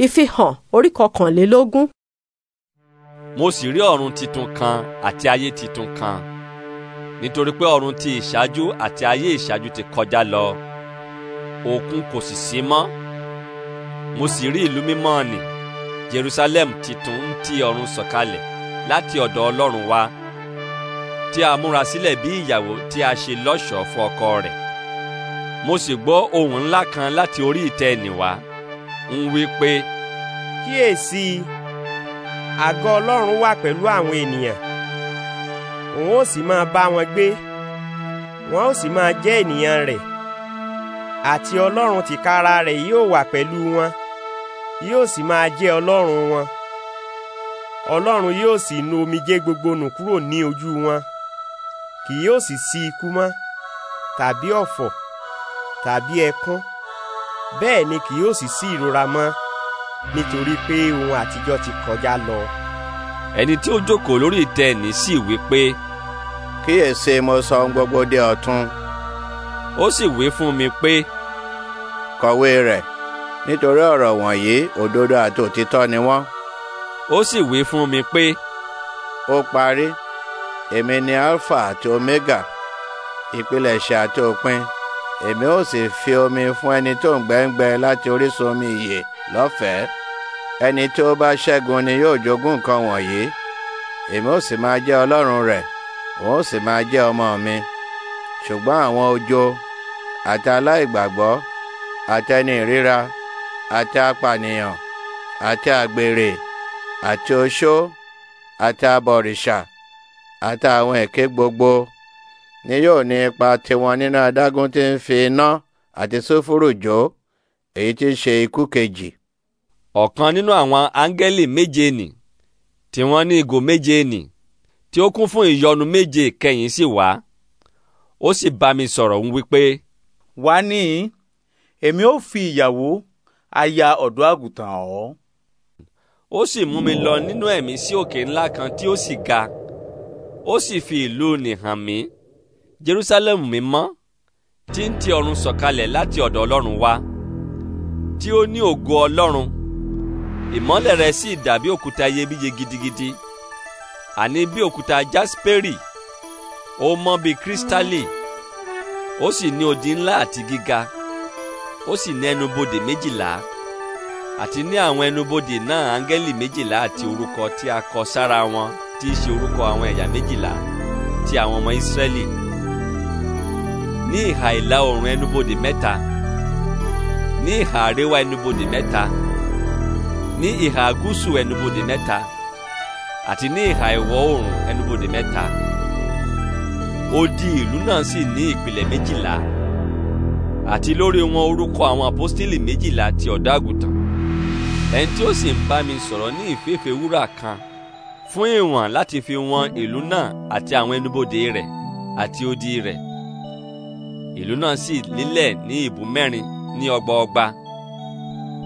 ìfihàn orí kọkànlélógún. mo sì rí ọ̀run titun kan àti ayé titun kan nítorí pé ọ̀run ti ìṣáájú àti ayé ìṣáájú ti kọjá lọ òkun kò sì sí mọ́ mo sì rí ìlú mímọ́ nì Jerusalem titun ń ti ọ̀run sọ̀kalẹ̀ láti ọ̀dọ̀ Ọlọ́run wá tí a múra sílẹ̀ bí ìyàwó tí a ṣe lọ́ṣọ̀ọ́ fún ọkọ rẹ̀ mo sì gbọ́ ohùn ńlá kan láti orí ìtẹ́ ẹnì ń wí pé. kíyèsí àgọ́ ọlọ́run wà pẹ̀lú àwọn ènìyàn òun ó sì máa bá wọn gbé wọn ó sì máa jẹ́ ènìyàn rẹ̀ àti ọlọ́run tìkára rẹ̀ yóò wà pẹ̀lú wọn yóò sì máa jẹ́ ọlọ́run wọn ọlọ́run yóò sì nu omijé gbogbo nù kúrò ní ojú wọn kì yóò sì sí ikú mọ́ tàbí ọ̀fọ̀ tàbí ẹkún bẹ́ẹ̀ ni kì yóò sì sí ìrora mọ́ nítorí pé ohun àtijọ́ ti kọjá lọ. ẹni tí ó jókòó lórí ìtẹ́ ẹ̀ní sì wí pé. kíyèsí mo sọ gbogbo dé ọ̀tun. ó sì wí fún mi pé. kọ̀wé rẹ̀ nítorí ọ̀rọ̀ wọ̀nyí òdodo àti òtítọ́ ni wọ́n. ó sì wí fún mi pé. ó parí èmi ni alpha àti omega ìpilẹ̀ṣẹ̀ àti òpin èmi ó sì fi omi fún ẹni tó ń gbẹ́ngbẹ́ láti orísun omi ìyè lọ́fẹ̀ẹ́ ẹni tí ó bá ṣẹ́gun ni yóò jogún nǹkan wọ̀nyí èmi ó sì máa jẹ́ ọlọ́run rẹ̀ òun ó sì máa jẹ́ ọmọ mi ṣùgbọ́n àwọn ojo àti aláìgbàgbọ́ àti ẹni ìríra àti apànìyàn àti àgbèrè àti oṣó àti abọ̀rìṣà àti àwọn èké gbogbo ni yóò ní ipa tiwọn nínú adágún tí ń fi iná àti sulfuru jó èyí tí í ṣe ikú kejì. ọ̀kan nínú àwọn áńgẹ́lì méje nì tí wọ́n ní ìgò méje nì tí ó kún fún ìyọnu méje kẹ́yìn sì wá ó sì bá mi sọ̀rọ̀ ń wípé. wá níhìn èmi ó fi ìyàwó aya ọ̀dọ́ àgùntàn ọ̀. ó sì mú mi lọ nínú ẹ̀mí sí òkè ńlá kan tí ó sì ga ó sì fi ìlú nì hàn mí jerusalem mímọ́ tí ń ti ọ̀run sọ̀kalẹ̀ láti ọ̀dọ̀ ọlọ́run wá tí ó ní ògo ọlọ́run ìmọ́lẹ̀ rẹ̀ sì dàbí òkúta iyebíye gidigidi àní bí òkúta jasperi ó mọ́ bí kírísítálì ó sì ní odi ńlá àti gíga ó sì ní ẹnubodè méjìlá àti ní àwọn ẹnubodè náà áńgẹ́lì méjìlá àti orúkọ tí a kọ sára wọn tí í ṣe orúkọ àwọn ẹ̀yà méjìlá ti àwọn ọmọ ìsírẹ́lì ní ìhà ìlà oòrùn ẹnubodè mẹ́ta ní ìhà àríwá ẹnubodè mẹ́ta ní ìhà gúúsù ẹnubodè mẹ́ta àti ní ìhà ìwọ̀ oòrùn ẹnubodè mẹ́ta odi ìlú náà sì ní ìpìlẹ̀ méjìlá àti lórí wọn orúkọ àwọn àpọ́stélì méjìlá ti ọ̀dọ́ àgùntàn ẹni tí ó sì ń bá mi sọ̀rọ̀ ní ìfẹ́fẹ́ wúrà kan fún ìwọ̀n láti fi wọn ìlú náà àti àwọn ẹnubodè rẹ̀ àti odi rẹ̀ ìlú náà sì lílẹ̀ ní ìbú mẹ́rin ní ọgbà ọgbà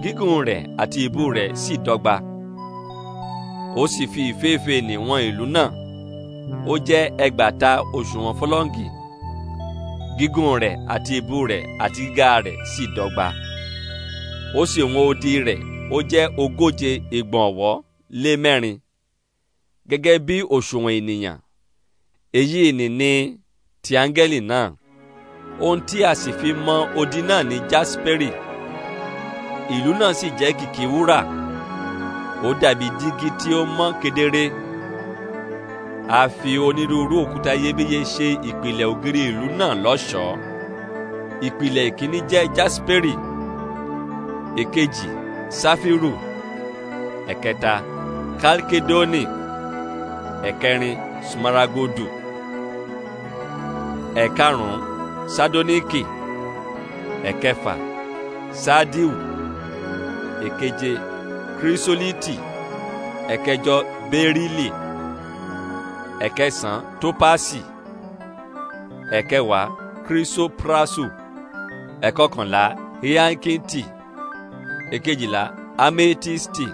gígùn rẹ̀ àti ìbú rẹ̀ sì dọ́gba ó sì fi ìféèfé níwọ̀n ìlú náà ó jẹ́ ẹgbàáta òṣùwọ̀n fọlọ́ǹgì gígùn rẹ̀ àti ìbú rẹ̀ àti gíga rẹ̀ sì dọ́gba ó sì wọn odi rẹ̀ ó jẹ́ ogóje ìgbọ̀n lé mẹ́rin gẹ́gẹ́ bí òṣùwọ̀n ènìyàn èyí ni ní ti náà ohun tí a sì fi mọ odi náà ní jasperi ìlú náà sì jẹ́ kìkì wúrà ó dàbí dígí tí ó mọ́ kedere a fi onírúurú òkúta iyebíye ṣe ìpìlẹ̀ ògiri ìlú náà lọ́ṣọ̀ọ́ ìpìlẹ̀ ìkíní jẹ́ jasperi ìkejì safiru ẹ̀kẹta kalkedoni ẹ̀kẹrin sumaragodu ẹ̀karùn-ún sadoniki ẹ̀kẹfà sadiu ẹ̀keje krisoliti ẹ̀kẹjọ berili ẹ̀kẹsàn topasi ẹ̀kẹwàá krisoprasu ẹ̀kọkànlá hiankinti ẹ̀kejìlá ametisti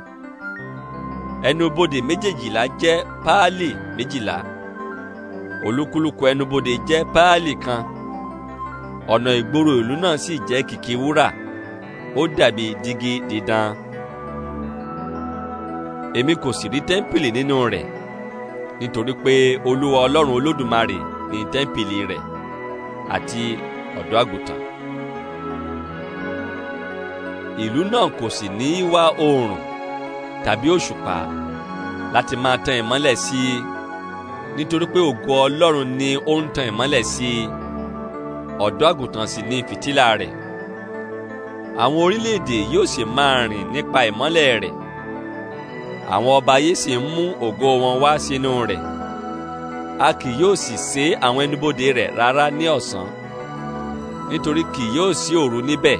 ẹnubodè méjèèjìlá jẹ́ páálì méjìlá olúkúlùkù ẹnubodè jẹ́ páálì kan ọ̀nà ìgboro ìlú náà sì jẹ́ kìkì wúrà ó dàbí dígí dídán èmi kò sì rí tẹ́ḿpìlì nínú rẹ̀ nítorí pé olúwa ọlọ́run olódùmarè ní tẹ́ḿpìlì rẹ̀ àti ọ̀dọ́ àgùntàn ìlú náà kò sì ní í wá oòrùn tàbí òṣùpá láti máa tan ìmọ́lẹ̀ sí i nítorí pé ògo ọlọ́run ni ó ń tan ìmọ́lẹ̀ sí i ọ̀dọ́ àgùntàn sì ni fìtílà rẹ̀ àwọn orílẹ̀-èdè yóò sì máa rìn nípa ìmọ́lẹ̀ rẹ̀ àwọn ọba ayé sì ń mú ògo wọn wá sínú rẹ̀ a kì yóò sì sé àwọn ẹnubodè rẹ̀ rárá ní ọ̀sán nítorí kì yóò sí òru níbẹ̀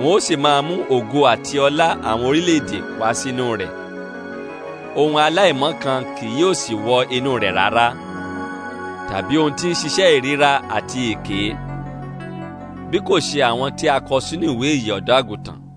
wọn ó sì máa mú ògo àti ọlá àwọn orílẹ̀-èdè wá sínú rẹ̀ ohun aláìmọ́ kan kì yóò sì wọ inú rẹ̀ rárá tàbí ohun tí ń ṣiṣẹ́ ìríra àti èké bí kò ṣe àwọn tí a kọ sínú ìwé ìyè àgùntàn